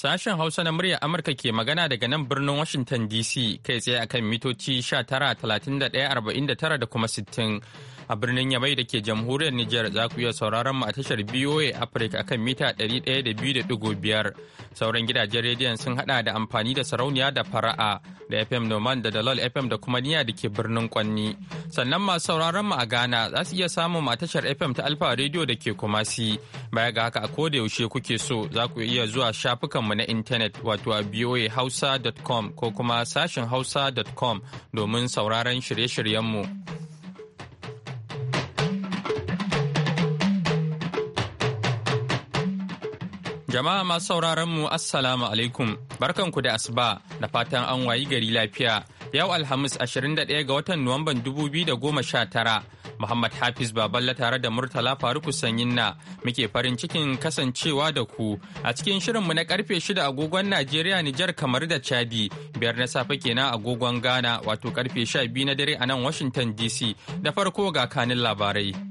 Sashen Hausa na muryar Amurka ke magana daga nan birnin Washington DC kai tsaye akan mitoci 19, 31, 49 da kuma 60. a birnin Yamai da ke jamhuriyar Nijar za ku iya sauraron mu a tashar BOA Africa akan mita biyar Sauran gidajen rediyon sun haɗa da amfani da sarauniya da fara'a da FM Noman da Dalol FM da kuma niya da ke birnin Kwanni. Sannan masu sauraron mu a Ghana za su iya samun a tashar FM ta Alfa Radio da ke Kumasi. Baya ga haka a koda yaushe kuke so za ku iya zuwa shafukanmu na intanet wato a boahausa.com ko kuma sashin hausa.com domin sauraron shirye-shiryenmu. Jama'a masu sauraron mu Assalamu alaikum. Barkanku da asuba da fatan an wayi gari lafiya. Yau Alhamis 21 ga watan Nuwamban 2019. Muhammad Hafiz Baballa tare da Murtala Faruku Sanyinna muke farin cikin kasancewa da ku a cikin shirin mu na karfe 6 agogon Najeriya Nijar kamar da Chadi biyar na safe kenan agogon Ghana wato karfe 12 na dare a nan Washington DC da farko ga kanin labarai.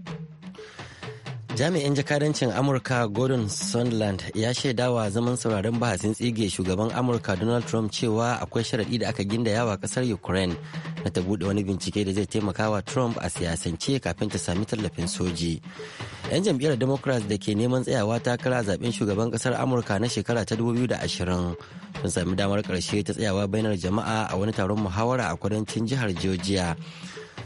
jami'in jakadancin amurka gordon sunderland ya shaidawa zaman sauraron bahasin tsige shugaban amurka donald trump cewa akwai sharaɗi da aka gindaya wa kasar ukraine na ta buɗe wani bincike da zai taimaka wa trump a siyasance kafin ta sami tallafin soji 'yan jam'iyyar democrats da ke neman tsayawa takara zaben shugaban ƙasar amurka na shekara ta 2020 sun sami damar ƙarshe ta tsayawa bainar jama'a a wani taron muhawara a kudancin jihar georgia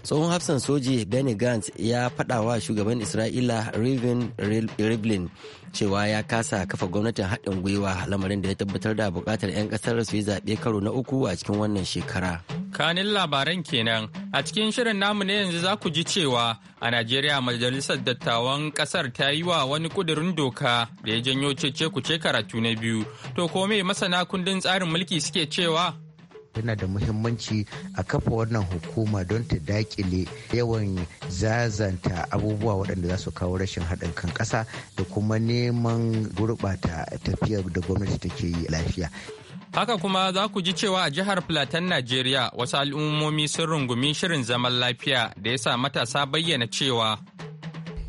tsohon hafsan soji benny gantz ya faɗa wa shugaban isra'ila rivin rivlin cewa ya kasa kafa gwamnatin haɗin gwiwa lamarin da ya tabbatar da bukatar 'yan ƙasar su yi zaɓe karo na uku a cikin wannan shekara kanin labaran kenan a cikin shirin namu ne yanzu za ku ji cewa a najeriya majalisar dattawan ƙasar ta yi wa wani ƙudurin doka da ya janyo cece ce karatu na biyu to ko masana kundin tsarin mulki suke cewa yana da muhimmanci a kafa wannan hukuma don ta dakile yawan zazanta abubuwa waɗanda za su kawo rashin haɗin kan ƙasa da kuma neman gurɓata tafiyar da gwamnati take yi lafiya Haka kuma za ku ji cewa a jihar Filatan Najeriya wasu al'ummomi sun rungumi shirin zaman lafiya da ya sa matasa bayyana cewa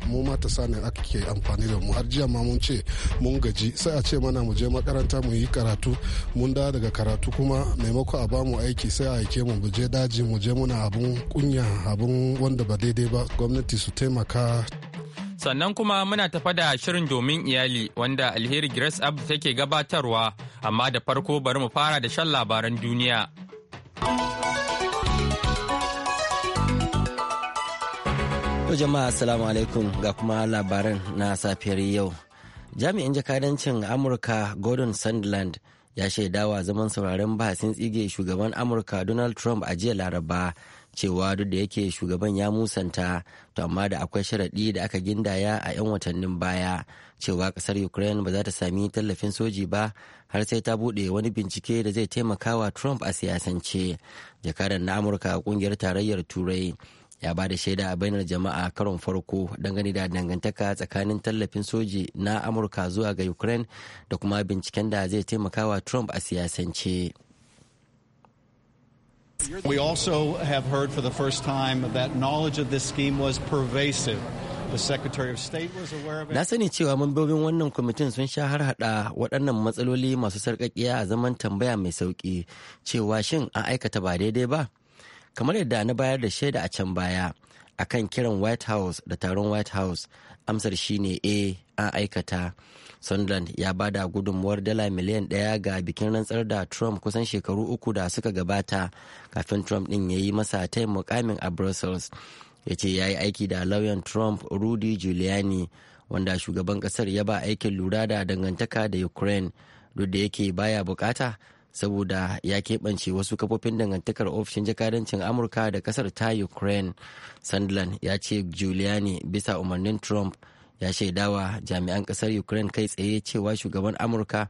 mu matasa sani ake amfani da mu har jiya ma mun ce mun gaji sai a ce mana mu je makaranta mu yi karatu mun da daga karatu kuma maimako a bamu aiki sai a aike mu mu je daji mu je muna abun kunya abun wanda ba daidai ba gwamnati su taimaka sannan kuma muna tafa da shirin domin iyali wanda alheri grace abu take gabatarwa amma da farko bari mu fara da shan labaran duniya To jama'a assalamu alaikum ga kuma labaran na safiyar yau. Jami'in jakadancin Amurka Gordon Sandland ya shaidawa zaman sauraren bahasin tsige shugaban Amurka Donald Trump a jiya Laraba cewa duk da yake shugaban ya musanta to amma da akwai sharaɗi da aka gindaya a 'yan watannin baya cewa ƙasar ukraine ba za ta sami tallafin soji ba har sai ta buɗe wani bincike da zai taimakawa trump a siyasance jakadan na amurka a ƙungiyar tarayyar turai ya ba da shaida a bainar jama'a karon farko dangane da dangantaka tsakanin tallafin soji na amurka zuwa ga ukraine da kuma binciken da zai taimaka wa trump a siyasance We also have heard for the first time that knowledge of this scheme was pervasive. Na sani cewa mambobin wannan kwamitin sun sha har hada waɗannan matsaloli masu sarkakiya a zaman tambaya mai sauƙi cewa shin an aikata ba daidai ba? kamar yadda na bayar da shaida a can baya a kan kiran white house da taron white house amsar shine a eh, an aikata sunderland ya ba da gudunmuwar dala miliyan daya ga bikin rantsar da trump kusan shekaru uku da suka gabata kafin trump din ya yi masa tayin mukamin a brussels ya ce ya yi aiki da lauyan trump rudy giuliani wanda shugaban kasar ya ba aikin lura da dangantaka da ukraine duk da yake baya bukata saboda ya keɓance wasu kafofin dangantakar ofishin jakadancin amurka da kasar ta ukraine sandland ya ce giuliani bisa umarnin trump ya shaidawa jami'an kasar ukraine kai tsaye cewa shugaban amurka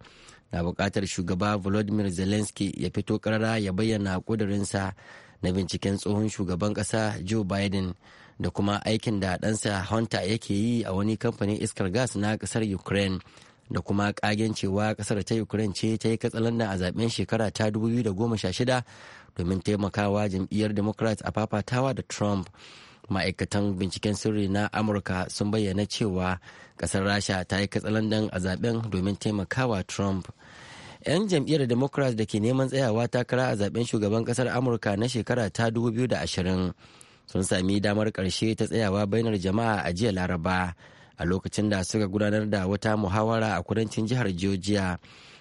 na buƙatar shugaba volodymyr zelensky ya fito karara ya bayyana ƙudurinsa na binciken tsohon shugaban ƙasa joe biden da kuma aikin da ɗansa hunter yake yi a wani kamfanin iskar gas na ƙasar ukraine da kuma kagen cewa kasar ta ukraine ce ta yi katsalandan a zaben shekara ta 2016 domin taimakawa jam'iyyar democrats a fafatawa da trump ma'aikatan binciken sirri na amurka sun bayyana cewa kasar rasha ta yi katsalandan a zaben domin taimakawa trump 'yan jam'iyyar democrats da ke neman tsayawa takara a zaben shugaban kasar amurka na shekara ta 2020 sun sami damar ƙarshe ta tsayawa bainar jama'a a jiya laraba a lokacin da suka gudanar da wata muhawara a kudancin jihar georgia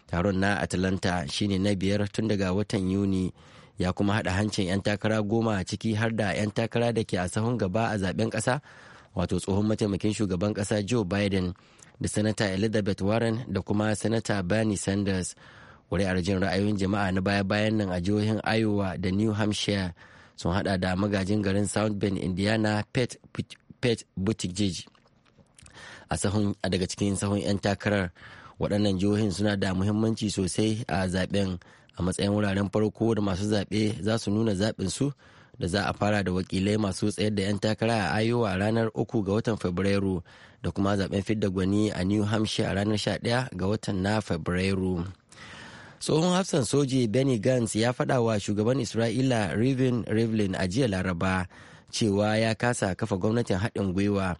taron na atlanta shine na biyar tun daga watan yuni ya kuma hada hancin 'yan takara goma ciki har da 'yan takara da ke a sahun gaba a zaben kasa wato tsohon mataimakin shugaban kasa joe biden da sanata elizabeth warren da kuma sanata bernie sanders kuri'ar jin ra'ayoyin jama'a na baya-bayan nan a jihohin iowa da new hampshire sun hada da magajin garin south bend indiana pet buttigieg a sahun a daga cikin sahun 'yan takarar waɗannan jihohin suna da muhimmanci sosai a zaben a matsayin wuraren farko da masu zaɓe za su nuna zaɓin su da za a fara da wakilai masu tsayar da 'yan takara a Iowa ranar 3 ga watan Fabrairu da kuma zaɓen fidda gwani a New Hampshire a ranar 11 ga watan na Fabrairu. tsohon hafsan soji benny gantz ya faɗa wa shugaban isra'ila rivin rivlin a jiya laraba cewa ya kasa kafa gwamnatin haɗin gwiwa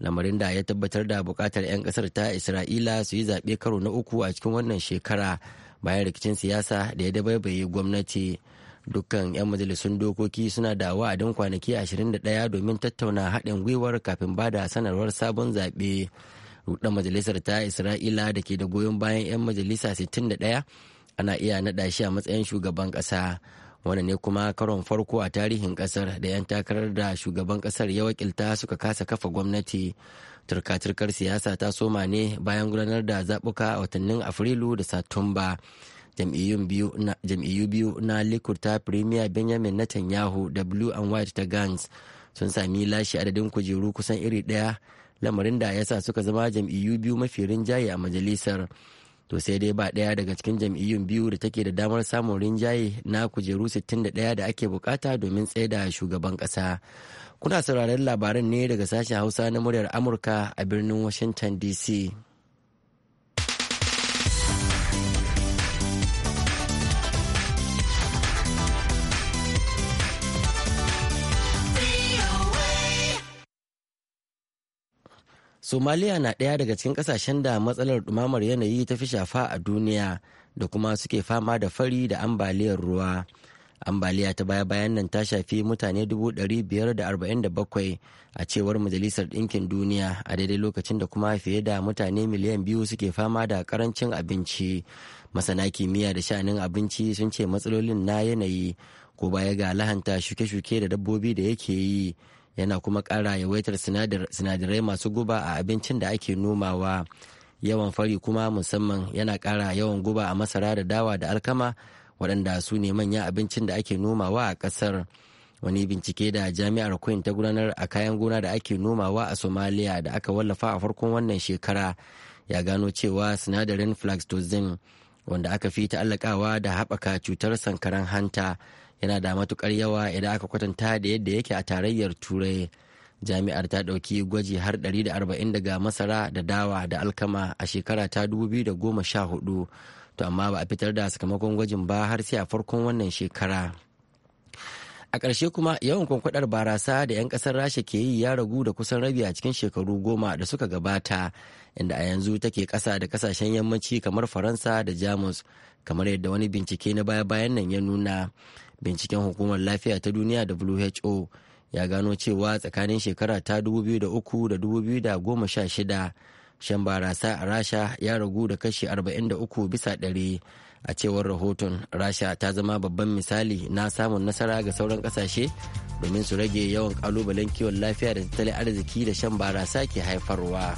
lamarin da ya tabbatar da bukatar 'yan kasar ta isra'ila su yi zaɓe karo na uku a cikin wannan shekara bayan rikicin siyasa da ya dabaibaye gwamnati dukkan 'yan majalisun dokoki suna da wa'adin kwanaki 21 domin tattauna haɗin gwiwar kafin ba da sanarwar sabon zaɓe rudan majalisar ta isra'ila da ke da goyon bayan 'yan majalisa 61 ana iya naɗa shi a matsayin shugaban ƙasa wani ne kuma karon farko a tarihin kasar da 'yan takarar da shugaban kasar ya wakilta suka kasa kafa gwamnati turka-turkar siyasa ta soma ne bayan gudanar da zaɓuka a watannin afrilu da satumba jam'iyyu biyu na likurta premier benjamin netanyahu da blue and white ta gans sun sami lashe adadin kujeru kusan iri ɗaya lamarin da ya sa suka zama jam'iyyu biyu mafi rinjaye a majalisar to sai dai ba ɗaya daga cikin jam'iyyun biyu da take da damar samun rinjaye na kujeru 61 da ake bukata domin da shugaban ƙasa kuna sauraron labaran ne daga sashen hausa na muryar amurka a birnin washington dc somaliya na ɗaya daga cikin ƙasashen da matsalar ɗumamar yanayi ta fi shafa a duniya da kuma suke fama da fari da ambaliyar ruwa ambaliya ta baya bayan nan ta shafi mutane 547 a cewar majalisar ɗinkin duniya a daidai lokacin da kuma fiye da mutane miliyan biyu suke fama da karancin abinci masana kimiyya da sha'anin abinci sun ce matsalolin na yanayi ko baya ga lahanta shuke-shuke da dabbobi da yake yi yana kuma ƙara yawaitar sinadarai masu guba a abincin da ake nomawa yawan fari kuma musamman yana kara yawan guba a masara da dawa da alkama waɗanda su ne manyan abincin da ake nomawa a ƙasar wani bincike da jami'ar queen ta gudanar a kayan gona da ake nomawa a somalia da aka wallafa a farkon wannan shekara ya gano cewa sinadarin flaxtozin wanda aka fi ta'allakawa da haɓaka cutar sankaran hanta yana da matukar yawa idan aka kwatanta da yadda yake a tarayyar turai jami'ar ta ɗauki gwaji har 140 daga masara da dawa da alkama a shekara ta 2014 to amma ba a fitar da sakamakon gwajin ba har sai a farkon wannan shekara a ƙarshe kuma yawan kwankwadar barasa da 'yan ƙasar rasha ke yi ya ragu da kusan rabi a cikin shekaru goma da suka gabata inda a yanzu take ƙasa da ƙasashen yammaci kamar faransa da jamus kamar yadda wani bincike na baya-bayan nan ya nuna binciken hukumar lafiya ta duniya who ya gano cewa tsakanin shekara ta 2003 da 2016 shan barasa a rasha ya ragu da kashi 43 bisa ɗari a cewar rahoton rasha ta zama babban misali na samun nasara ga sauran kasashe domin su rage yawan kalubalen kiwon lafiya da tattalin arziki da shan barasa ke haifarwa.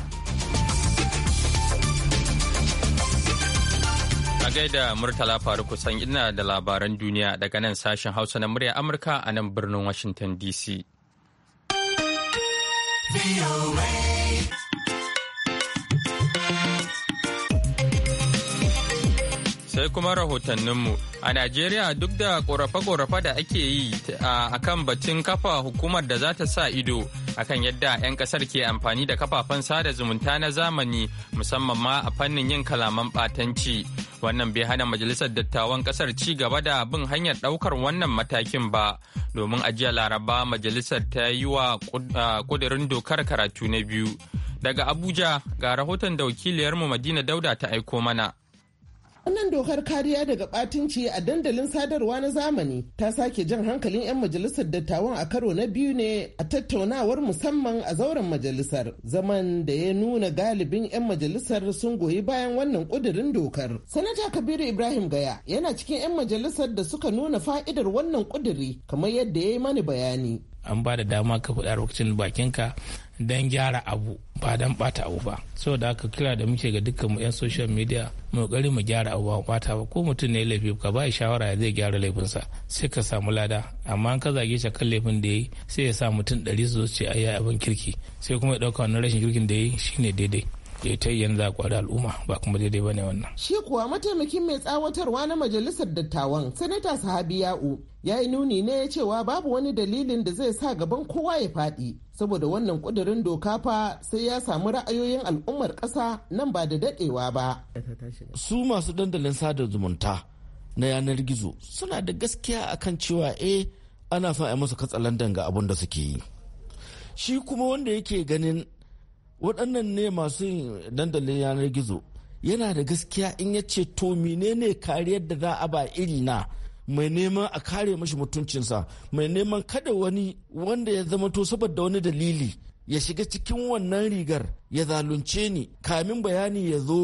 gaida Murtala faru kusan ina da labaran duniya daga nan sashen Hausa na murya Amurka a nan birnin Washington DC. sai kuma rahotanninmu a najeriya duk da ƙorafe korafe da ake yi a kan batun kafa hukumar da za ta sa ido akan yadda 'yan kasar ke amfani da kafafen sada zumunta na zamani musamman ma a fannin yin kalaman batanci wannan bai hana majalisar dattawan kasar ci gaba da bin hanyar daukar wannan matakin ba domin ajiya laraba majalisar ta yi wa ƙudurin dokar karatu na biyu daga abuja ga rahoton da wakiliyarmu madina dauda ta aiko mana Wannan dokar kariya daga ɓatunci a dandalin sadarwa na zamani ta sake jan hankalin 'yan majalisar dattawan a karo na biyu ne a tattaunawar musamman a zauren majalisar. Zaman da ya nuna galibin 'yan majalisar sun goyi bayan wannan ƙudirin dokar. Sanata Kabiru Ibrahim Gaya yana cikin 'yan majalisar da suka nuna fa'idar wannan ƙudiri kamar yadda ya yi mani bayani. an ba da dama ka faɗa lokacin bakinka don gyara abu ba don bata abu ba saboda haka kira da muke ga dukkan mu yan social media mu kokari mu gyara abu ba bata ba ko mutum ne laifi ka ba shawara ya zai gyara laifinsa sai ka samu lada amma an ka zage shi kan laifin da yayi sai ya sa mutum ɗari su zo ce ai abin kirki sai kuma ya ɗauka wannan rashin kirkin da yayi shine daidai ya ta yin yanzu a al'umma ba kuma daidai ba wannan. Shi kuwa mataimakin mai tsawatarwa na majalisar dattawan sanata sahabi ya'u ya yi nuni ne ya cewa babu wani dalilin da zai sa gaban kowa ya faɗi saboda wannan kudirin doka fa sai ya samu ra'ayoyin al'ummar ƙasa nan ba da daɗewa ba. Su masu dandalin sada zumunta na yanar gizo suna da gaskiya akan cewa eh ana son a musu katsalandan ga abin da suke yi. Shi kuma wanda yake ganin waɗannan ne masu dandalin yanar gizo yana da gaskiya in ya ce to menene kariyar da za a ba iri na mai neman a kare mashi mutuncinsa mai neman kada wani wanda ya zama to saboda wani dalili ya shiga cikin wannan rigar ya zalunce ni kamin bayani ya zo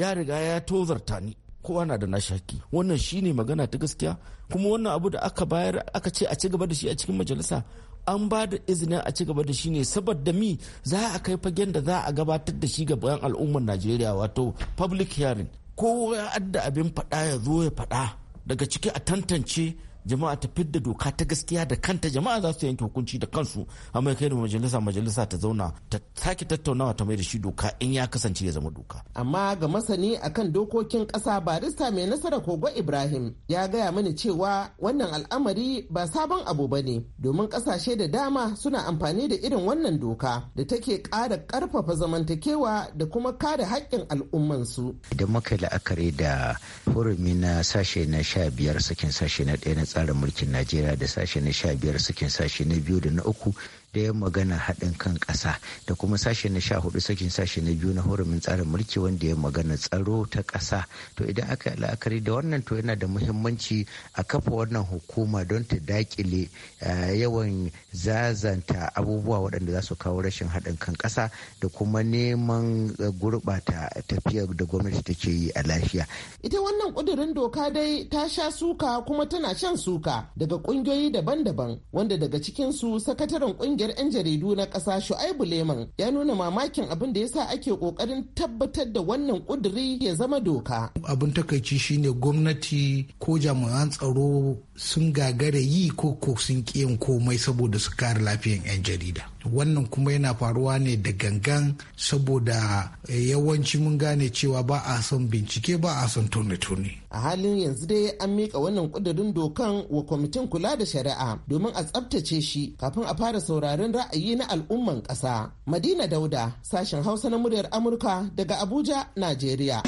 ya riga ya tozarta ni kowa na da nashaki wannan shine magana ta gaskiya kuma wannan abu da aka bayar aka ce a ci gaba da shi a cikin majalisa an ba da izinin a ci gaba da shi ne saboda mi za a kai fagen da za a gabatar da shi bayan al'ummar najeriya wato public hearing kowa ya adda abin faɗa ya zo ya faɗa daga ciki a tantance jama'a ta fidda doka ta gaskiya da kanta jama'a za su yanke hukunci da kansu amma kai da majalisa majalisa ta zauna ta sake tattaunawa ta mai da shi doka in ya kasance ya zama doka amma ga masani akan dokokin kasa barista mai nasara kogo ibrahim ya gaya mani cewa wannan al'amari ba sabon abu ba ne domin kasashe da dama suna amfani da irin wannan doka da take kara karfafa zamantakewa da kuma kare haƙƙin al'ummansu. idan muka la'akari da hurumi na sashe na sha biyar sakin sashe na ɗaya na tsarin mulkin najeriya da sashe na sha biyar sakin sashe na biyu da na uku da magana haɗin kan ƙasa da kuma sashe na sha hudu sakin sashe na biyu na horumin tsarin mulki wanda ya magana tsaro ta ƙasa to idan aka yi la'akari da wannan to yana da muhimmanci a kafa wannan hukuma don ta dakile eh, yawan zazanta abubuwa waɗanda za su kawo rashin haɗin kan ƙasa da kuma neman eh, gurɓata tafiyar da gwamnati take yi a lafiya. Ita wannan ƙudurin doka dai ta sha suka kuma tana shan suka daga ƙungiyoyi daban-daban wanda daga cikinsu sakataren ƙungiyar 'yan jaridu na ƙasa Shu'aibu Leman ya nuna mamakin abin da ya sa ake ƙoƙarin tabbatar da wannan ƙuduri ya zama doka. Abin takaici shine gwamnati ko jami'an tsaro sun gagara yi ko ko sun ƙi yin komai saboda su kare lafiyan 'yan jarida wannan kuma yana faruwa ne da gangan saboda eh, yawanci mun gane cewa ba a son bincike ba a son tone-tone a halin yanzu dai an mika wannan kudurin dokan wa kwamitin kula da shari'a domin a tsabtace shi kafin a fara sauraron ra'ayi na al'umman kasa madina dauda sashen hausa na muryar amurka daga abuja najeriya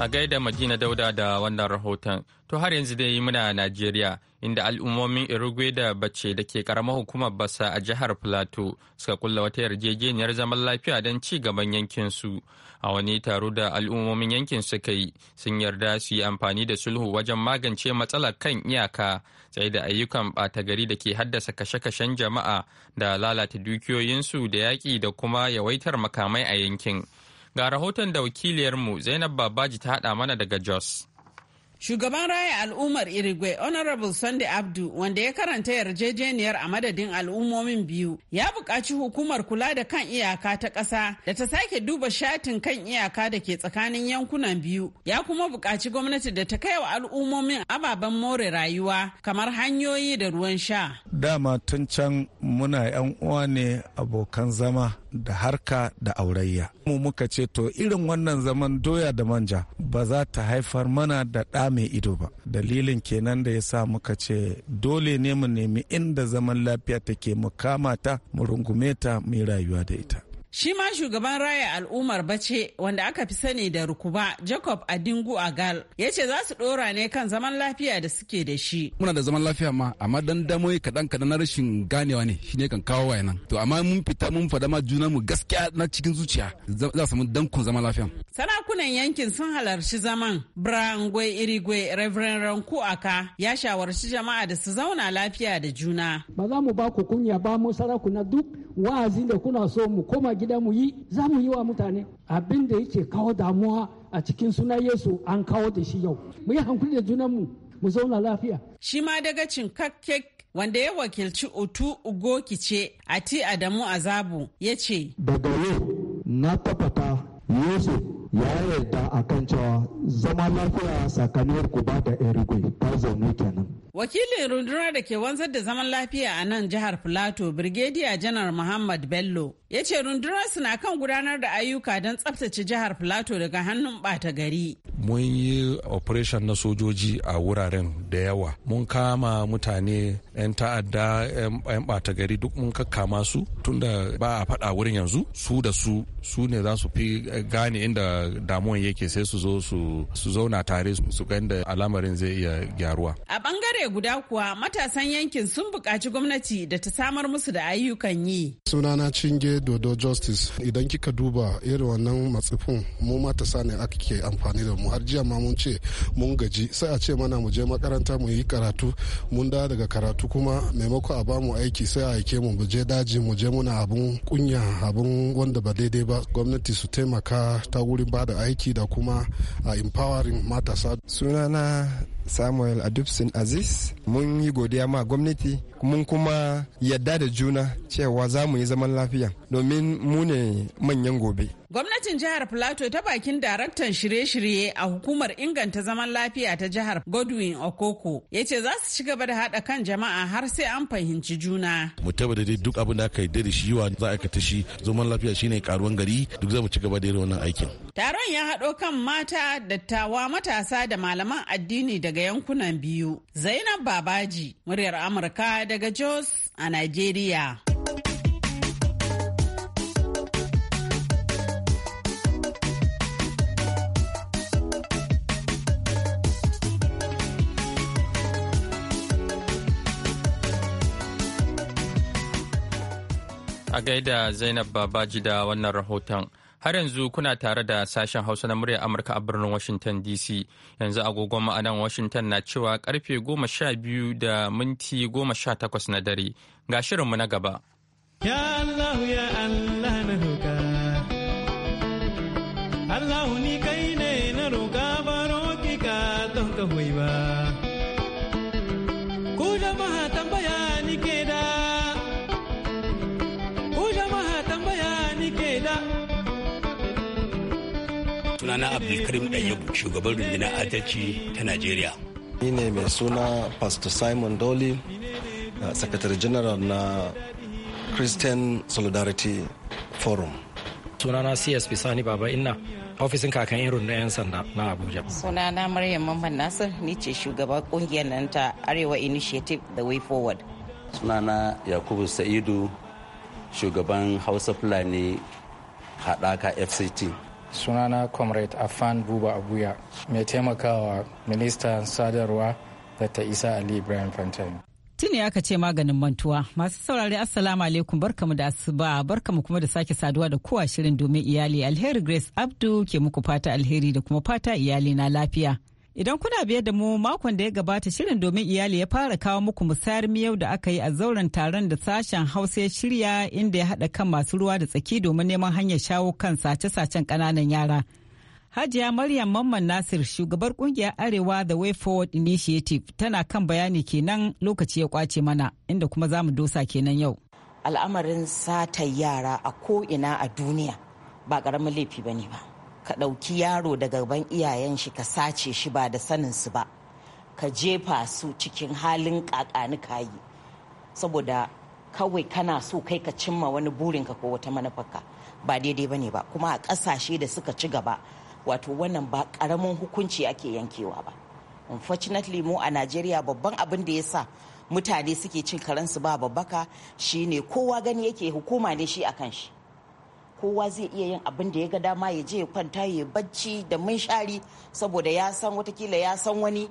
A gaida Madina Dauda da wannan rahoton. To har yanzu dai muna Najeriya inda al'ummomin irugwe da Bace da ke karamar hukumar Basa a jihar Plateau suka kulla wata yarjejeniyar zaman lafiya don ci gaban yankinsu. A wani taro da al'ummomin yankin suka yi sun yarda su yi amfani da sulhu wajen magance matsalar kan iyaka sai da ayyukan ɓata gari da ke haddasa kashe-kashen jama'a da lalata dukiyoyinsu da yaƙi da kuma yawaitar makamai a yankin. Ga rahoton da wakiliyarmu Zainab Babaji ta haɗa mana daga Jos. Shugaban raya al'ummar Irigwe Honorable Sunday Abdu wanda ya karanta yarjejeniyar a madadin al'ummomin biyu ya buƙaci hukumar kula da kan iyaka ta ƙasa da ta sake duba shatin kan iyaka da ke tsakanin yankunan biyu ya kuma buƙaci gwamnati da ta kai wa al'ummomin ababen more rayuwa kamar hanyoyi da ruwan sha. Dama tun can muna 'yan uwa ne abokan zama da harka da aurayya mu muka ce to irin wannan zaman doya da manja ba za ta haifar mana da ɗa mai ido ba dalilin kenan da ya sa muka ce dole ne mu nemi inda zaman lafiya take mu kama ta mu rungume ta mu rayuwa da ita Shi ma shugaban raya al'ummar bace wanda aka fi sani da rukuba Jacob Adingu Agal ya ce za su dora ne kan zaman lafiya da suke da shi. Muna da zaman lafiya ma amma dan damoyi kaɗan kaɗan na rashin ganewa ne shine kan kawo waye nan. To amma mun fita mun faɗa ma juna mu gaskiya na cikin zuciya za su mun dankun zaman lafiya. Sarakunan yankin sun halarci zaman Brangwe Irigwe Reverend Ranku Aka ya shawarci jama'a da su zauna lafiya da juna. Ba za mu ba ku kunya ba mu sarakuna duk wa'azi da kuna so mu koma gida mu yi za mu yi wa mutane abin da yake kawo damuwa a cikin suna yesu an kawo da shi yau mu yi hankuli da junanmu mu zauna lafiya shi ma daga cinkakke wanda ya wakilci otu a ti adamu azabu ya ce daga yau na tabbata yesu ya yarda a kan cewa zama lafiya tsakanin ku ba da erigwe ta zaune kenan Wakilin rundunar da ke wanzar da zaman lafiya a nan jihar Filato, Brigadier Janar Muhammad Bello, ya ce su na kan gudanar da ayyuka don tsabtace jihar Filato daga hannun ɓata gari. Mun yi operation na sojoji a wuraren da yawa. Mun kama mutane 'yan ta'adda 'yan ɓata gari duk mun kakkama su tunda ba a faɗa wurin yanzu su da su su ne za su fi gane inda damuwan yake sai su zo su zauna tare su ga inda al'amarin zai iya gyaruwa. A bangare guda kuwa matasan yankin sun buƙaci gwamnati da ta samar musu da ayyukan yi. Sunana Cinge Dodo Justice idan kika duba irin wannan matsifin mu matasa ne ake amfani da mu har jiya ma mun ce mun gaji sai a ce mana mu je makaranta mu yi karatu mun da daga karatu kuma maimako a bamu aiki sai a aike mu je daji mu je muna abun kunya abun wanda ba daidai ba gwamnati su taimaka ta wurin ba da aiki da kuma a empowering matasa. Sunana samuel adubsin aziz mun yi godiya ma gwamnati mun kuma yadda da juna cewa za mu yi zaman lafiya domin mu ne manyan gobe. Gwamnatin jihar Plateau ta bakin daraktan shirye-shirye a hukumar inganta zaman lafiya ta jihar Godwin Okoko ya ce za su ci gaba da haɗa kan jama'a har sai an fahimci juna. Mu tabbata dai duk abin da aka yi da shi wa za a aikata shi zaman lafiya shine karuwan gari duk za mu ci gaba da irin wannan aikin. Taron ya haɗo kan mata, dattawa, matasa da malaman addini daga yankunan biyu. Zainab Babaji, muryar Amurka daga Jos a Najeriya. A gaida Zainab Babaji da wannan rahoton. Har yanzu kuna tare da sashen Hausa na murya Amurka a birnin Washington DC. Yanzu agogon ma'anan Washington na cewa karfe goma sha biyu da minti goma sha takwas na dare. Ga shirinmu na gaba. Allah Adamu Ɗanyabu shugaban rundunar adalci ta Najeriya. Ni ne mai suna Pastor Simon Dolly, uh, Secretary General na Christian Solidarity Forum. Sunana CSP bisani Baba Inna, ofisin kakan irin na 'yan sanda na Abuja. Sunana Maryam Mamman Nasir, ni ce shugaban kungiyar nan ta Arewa Initiative The Way Forward. Sunana Yakubu Sa'idu, shugaban Hausa Fulani haɗaka FCT. sunana comrade afan buba abuya mai taimakawa minista sadarwa da ta isa ali ibrahim fantain tuni aka ce maganin mantuwa masu saurari assalamu alaikum barkamu da asuba barkamu kuma da sake saduwa da kowa shirin domin iyali alheri grace abdu ke muku fata alheri da kuma fata iyali na lafiya Idan kuna biyar da mu makon da ya gabata shirin domin iyali ya fara kawo muku musayar miyau da aka yi a zauren taron da sashen Hausa ya shirya inda ya haɗa kan masu ruwa da tsaki domin neman hanyar shawo kan sace-sacen ƙananan yara. Hajiya Maryam Mamman Nasir shugabar kungiyar Arewa The Way Forward Initiative tana kan bayani kenan lokaci ya kwace mana inda kuma za mu dosa kenan yau. Al'amarin sata yara a ko ina a duniya ba ƙaramin laifi ba ne ba. ka ɗauki yaro daga gaban iyayen shi ka sace shi ba da sanin su ba ka jefa su cikin halin kakani kayi saboda kawai kana so kai ka cimma wani burin ka ko wata manufarka ba daidai ba ne ba kuma a ƙasashe da suka ci gaba wato wannan ba ƙaramin hukunci ake yankewa ba unfortunately mu a najeriya babban abin da ya sa mutane suke cin karansu ba babbaka shine kowa gani yake hukuma ne shi a kan shi kowa zai iya yin abin da ya ga dama ya je ya kwanta ya bacci da munshari saboda ya san watakila ya san wani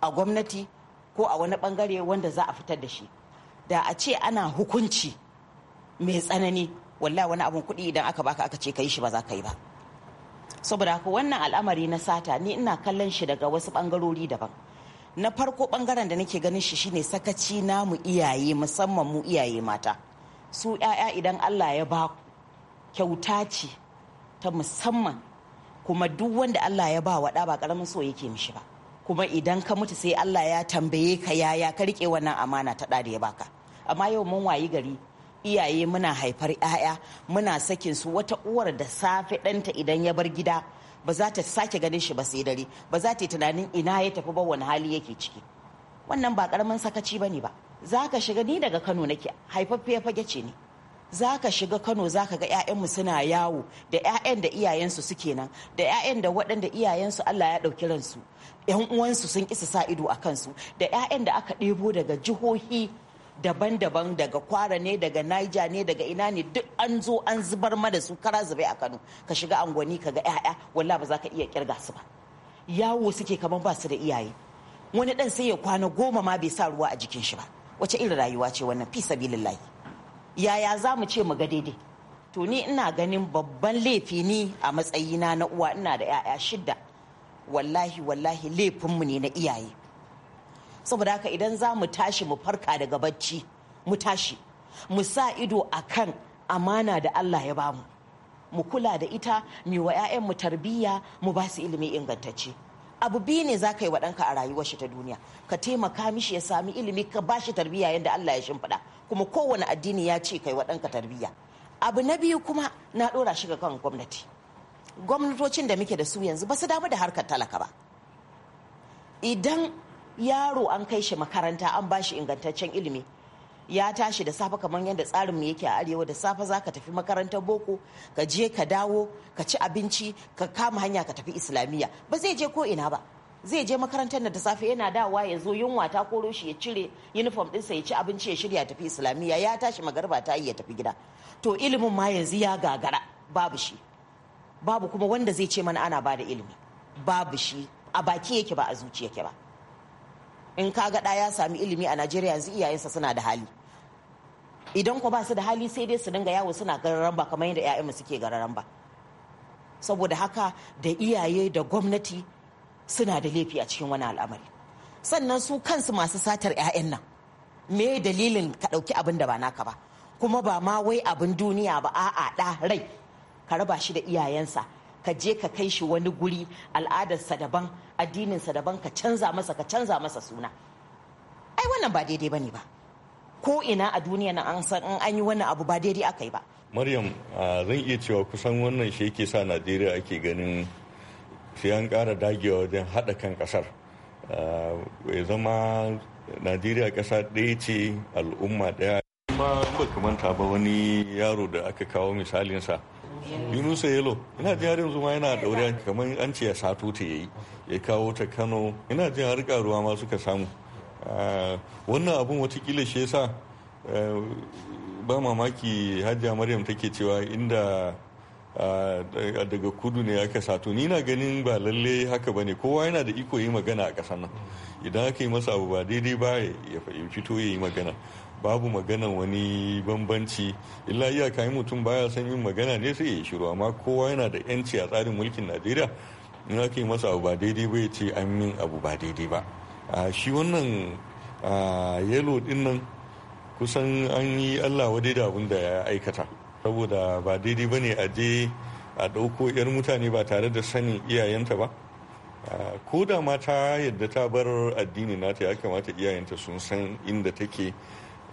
a gwamnati ko a wani bangare wanda za a fitar da shi da a ce ana hukunci mai tsanani walla wani abin kuɗi idan aka baka aka ce ka yi shi ba za ka yi ba saboda haka wannan al'amari na sata ni ina kallon shi daga wasu bangarori daban na farko bangaren da nake ganin shi shine sakaci namu iyaye musamman mu iyaye mata su 'ya'ya idan allah ya baku kyauta ce ta musamman kuma duk wanda Allah ya ba wa ɗa ba ƙaramin so yake mishi ba kuma idan ka mutu sai Allah ya tambaye ka yaya ka rike wannan amana ta ɗa da ya baka amma yau mun wayi gari iyaye muna haifar 'ya'ya muna sakin su wata uwar da safe ɗanta idan ya bar gida ba za ta sake ganin shi ba sai dare ba za ta yi tunanin ina ya tafi ba wani hali yake ciki wannan ba ƙaramin sakaci ba ne ba za ka shiga ni daga kano nake haifaffiyar fage ce ne za ka shiga kano za ka ga 'ya'yanmu suna yawo da 'ya'yan da iyayensu suke nan da 'ya'yan da waɗanda iyayensu allah ya ɗauki ransu 'yan uwansu sun isa sa ido a kansu da 'ya'yan da aka ɗebo daga jihohi daban-daban daga kwara ne daga naija ne daga ina ne duk an zo an zubar mana su kara zube a kano ka shiga angwani ka ga 'ya'ya walla ba za ka iya kirga su ba yawo suke kamar ba su da iyaye wani ɗan sai ya kwana goma ma bai sa ruwa a jikin shi ba wace irin rayuwa ce wannan fi sabilillahi yaya za mu ce mu ga daidai to ni ina ganin babban laifi ni a matsayina na uwa ina da 'ya'ya shida wallahi wallahi laifinmu ne na iyaye saboda haka idan za mu tashi mu farka daga bacci mu tashi mu sa ido a kan amana da allah ya bamu mu kula da ita mu wa 'ya'yanmu tarbiyya mu ba su ilimi ingantacce abu biyu ne za ka yi waɗanka a rayuwar shi ta duniya ka taimaka mishi ya sami ilimi ka ba shi tarbiyya yadda Allah ya shimfiɗa kuma kowane addini ya ce ka wa waɗanka tarbiyya abu na biyu kuma na ɗora shi ga kan gwamnati gwamnatocin da muke da su yanzu ba su damu da harkar talaka ba idan yaro an kai shi makaranta an ba shi ingantaccen ilimi ya tashi da safe kamar yadda tsarin mu yake a arewa da safe za ka tafi makarantar boko ka je ka dawo ka ci abinci ka kama hanya ka tafi islamiyya ba zai je ko ina ba zai je makarantar da safe yana dawa ya zo yunwa ta koro shi ya cire uniform ɗinsa ya ci abinci ya shirya tafi islamiyya ya tashi magarba ta yi ya tafi gida to ilimin ma yanzu ya gagara babu shi babu kuma wanda zai ce mana ana bada ilimi babu shi a baki yake ba a zuciya yake ba in kaga ɗa ya sami ilimi a najeriya yanzu iyayensa suna da hali idan ku ba su da hali sai dai su dinga yawo suna gararan ba kamar yadda 'ya'yanmu suke gararan ba saboda haka da iyaye da gwamnati suna da laifi a cikin wani al'amari sannan su kansu masu satar 'ya'yan nan me dalilin ka ɗauki abin da ba naka ba kuma ba ma wai abin duniya ba a'a ɗa rai ka raba shi da iyayensa ka je ka kai shi wani guri al'adarsa daban addininsa daban ka canza masa ka canza masa suna ai wannan ba daidai ba ne ba ko ina a duniya na an san an yi wani abu ba daidai aka yi ba maryam zan iya cewa kusan wannan shi yake sa najeriya ake ganin sai an kara dagewa wajen haɗa kan ƙasar ya zama najeriya ƙasa ɗaya ce al'umma ɗaya ma ba kamanta ba wani yaro da aka kawo misalinsa yunusa yelo ina ji har yanzu ma yana daure kamar an ce ya sato ta yayi ya kawo ta kano ina ji har karuwa ma suka samu Eh, wannan abun kila shi yasa eh, ba mamaki hajjia maryam take cewa inda eh, daga kudu ne aka sato ni na ganin ba lalle haka ba ne kowa yana da iko yi magana a ƙasar nan idan aka yi masa abu ba daidai ba ya fito ya yi magana babu magana wani bambanci illa iyaka yi mutum baya san yin magana ne sai ya shiru amma kowa yana da yanci a tsarin mulkin najeriya in aka yi masa abu ba daidai ba ya ce an min abu ba daidai ba A shi wannan yelo din nan kusan an yi allah wadai da abin da ya aikata saboda ba daidai ba ne a je a ɗauko 'yar mutane ba tare da sanin iyayenta ba ko da ma ta yadda ta bar addini nata ya kamata iyayenta sun san inda take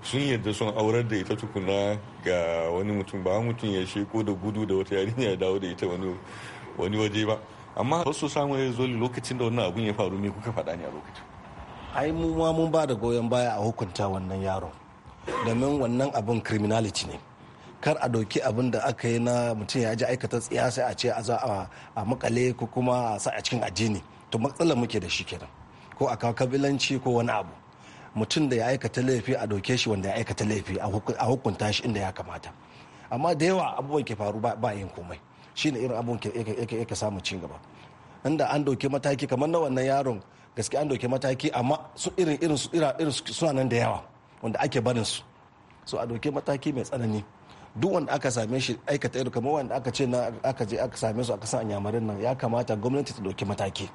sun yadda sun aurar da ita tukuna ga wani mutum ba mutum ya sheko da gudu da wata yarinya ya dawo da ita wani waje ba amma wasu samun ya zo lokacin da wannan abun ya faru ne kuka faɗa ne a lokacin ai mu ma mun ba da goyon baya a hukunta wannan yaron domin wannan abin criminality ne kar a doki abin da aka yi na mutum ya ji aikata tsiya sai a ce a za a makale ko kuma a sa a cikin addini to matsalar muke da shi kenan ko a kawo kabilanci ko wani abu mutum da ya aikata laifi a doke shi wanda ya aikata laifi a hukunta shi inda ya kamata amma da yawa abubuwan ke faru ba yin komai shine irin abubuwan ke samun ci gaba inda an doke mataki kamar na wannan yaron gaskiya an doke mataki amma su irin irin su ira irin suna nan da yawa wanda ake barin su so a doke mataki mai tsanani duk wanda aka same shi aikata irin kamar wanda aka ce na aka je aka same su aka san anyamarin nan ya kamata gwamnati ta doke mataki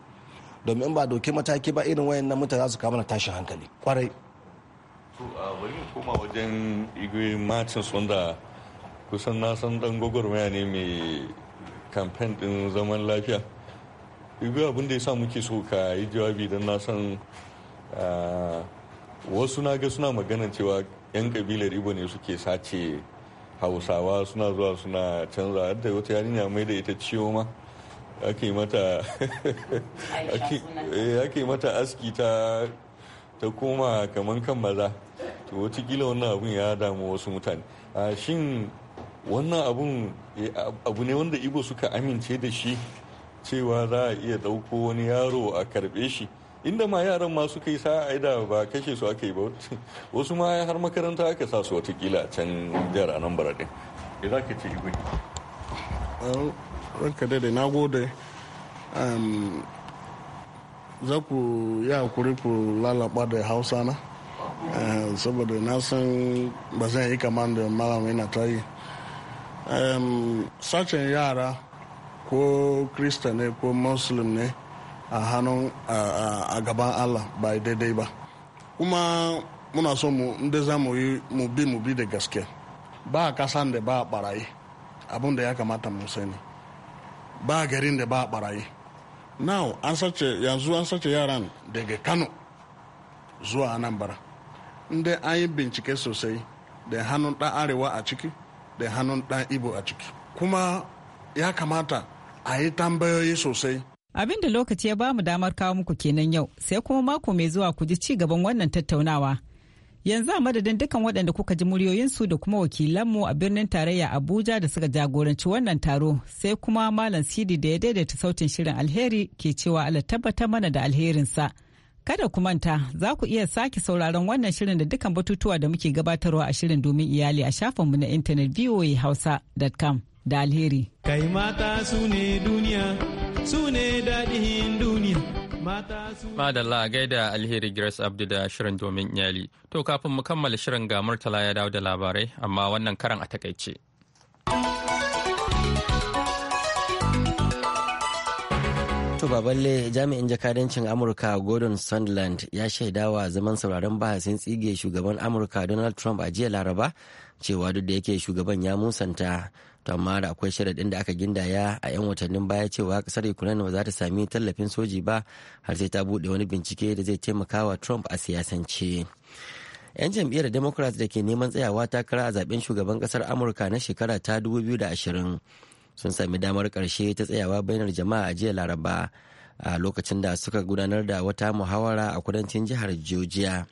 domin in ba doke mataki ba irin wayannan mutane za su kama tashin hankali kwarai to bari mu koma wajen igwe martin wanda kusan na san dan gwagwarmaya ne mai kamfen din zaman lafiya ibi abin da ya sa muke so ka yi jawabi don na san wasu na ga suna magana cewa 'yan kabilar ibo ne suke sace hausawa suna zuwa suna canza har da wata yarinya mai da ita ciwo ma ake mata eh, mata aski ta koma kaman kan maza to watakila wannan abun ya damu wasu mutane shin wannan eh, abu ne wanda ibo suka amince da shi cewa za a iya ɗauko wani yaro a karɓe shi inda ma yaran masu kai sa sa'a da ba kashe su aka yi ba wasu ma har makaranta aka sa su watakila can jihar anambra din da za ka ce igwe ranka na gode za ku yi hakuri ku lalaba da hausa na eh, saboda na san ba zan yi kamar da malam yana ta yi sacin yara ko krista ne ko muslim ne a hannun a gaban allah ba daidai ba kuma muna so mu ndị za mu yi mu bi mu bi da gaske ba kasa da ba barayi abin da ya kamata mu sani ba garin da ba barayi now an sace yanzu an sace yaran daga kano zuwa anambra inda an bincike sosai da hannun dan arewa a ciki da hannun dan ibo a ciki kuma ya kamata a yi tambayoyi sosai abin da lokaci ya bamu damar kawo muku kenan yau sai kuma mako mai zuwa ku ji ci gaban wannan tattaunawa yanzu a madadin dukan waɗanda kuka ji muryoyinsu da kuma wakilanmu a birnin tarayya abuja da suka jagoranci wannan taro sai kuma malam sidi da ya daidaita sautin shirin alheri ke cewa ala tabbatar mana da alherinsa kada ku manta za ku iya sake sauraron wannan shirin da dukkan batutuwa da muke gabatarwa a shirin domin iyali a shafinmu na intanet voahausa.com da alheri. Kai mata su ne duniya, su ne daɗin duniya. Madalla gaida alheri Grace Abdu da shirin domin iyali. To kafin mu kammala shirin ga Murtala ya dawo da labarai amma wannan karan a takaice. To baballe jami'in jakadancin Amurka Gordon Sunderland ya shaidawa zaman sauraron bahasin tsige shugaban Amurka Donald Trump a jiya Laraba cewa duk da yake shugaban ya musanta to amma da akwai sharaɗin da aka gindaya a 'yan watannin baya cewa ƙasar ukraine ba za ta sami tallafin soji ba har sai ta buɗe wani bincike da zai taimaka wa trump a siyasance 'yan jam'iyyar democrats da ke neman tsayawa takara a zaben shugaban kasar amurka na shekara ta 2020 sun sami damar ƙarshe ta tsayawa bainar jama'a a jiya laraba a lokacin da suka gudanar da wata muhawara a kudancin jihar georgia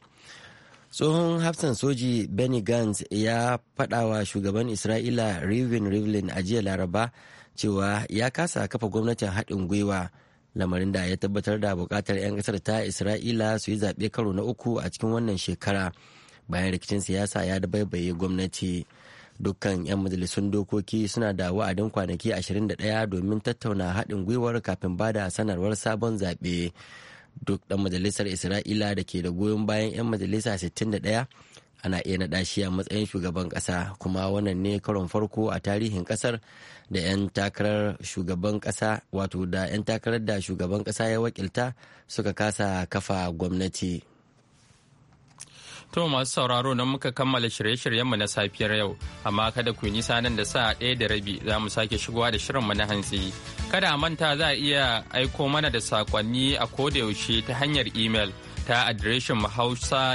tsohon hafsan soji benny gantz ya faɗawa shugaban isra'ila rivin rivlin a jiya laraba cewa ya kasa kafa gwamnatin haɗin gwiwa lamarin da ya tabbatar da buƙatar 'yan ƙasar ta isra'ila su yi zaɓe karo na uku a cikin wannan shekara bayan rikicin siyasa ya dabaibaye gwamnati dukkan 'yan majalisun dokoki suna da wa'adin kwanaki 21 domin tattauna haɗin gwiwar kafin bada sanarwar sabon zaɓe. duk dan majalisar isra'ila da ke da goyon bayan 'yan majalisa 61 ana iya naɗa shi a matsayin shugaban ƙasa kuma wannan ne karon farko a tarihin ƙasar da 'yan takarar shugaban ƙasa wato da 'yan takarar da shugaban ƙasa ya wakilta suka kasa kafa gwamnati. To masu sauraro nan muka kammala shirye-shiryenmu na safiyar yau, amma kada ku nisa nan da sa ɗaya da rabi za mu sake shigowa da shirinmu na hantsi. Kada manta za a iya aiko mana da saƙonni a kodayaushe ta hanyar imel ta adireshin hausa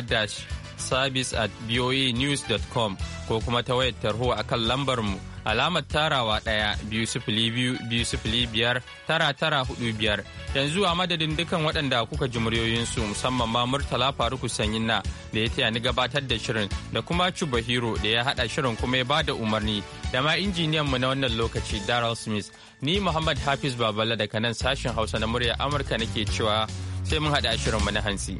service at voanews.com ko kuma ta wayar tarho a kan lambarmu alamar tarawa ɗaya biyu sifili biyu biyu sifili biyar tara tara hudu biyar yanzu a madadin dukkan waɗanda kuka ji muryoyinsu musamman ma murtala faruku sanyin na da ya taya ni gabatar da shirin da kuma cuba hero da ya haɗa shirin kuma ya bada umarni da ma injiniyanmu na wannan lokaci daryl smith ni muhammad hafiz babala daga nan sashen hausa na murya amurka nake cewa sai mun haɗa shirin mu na hansi.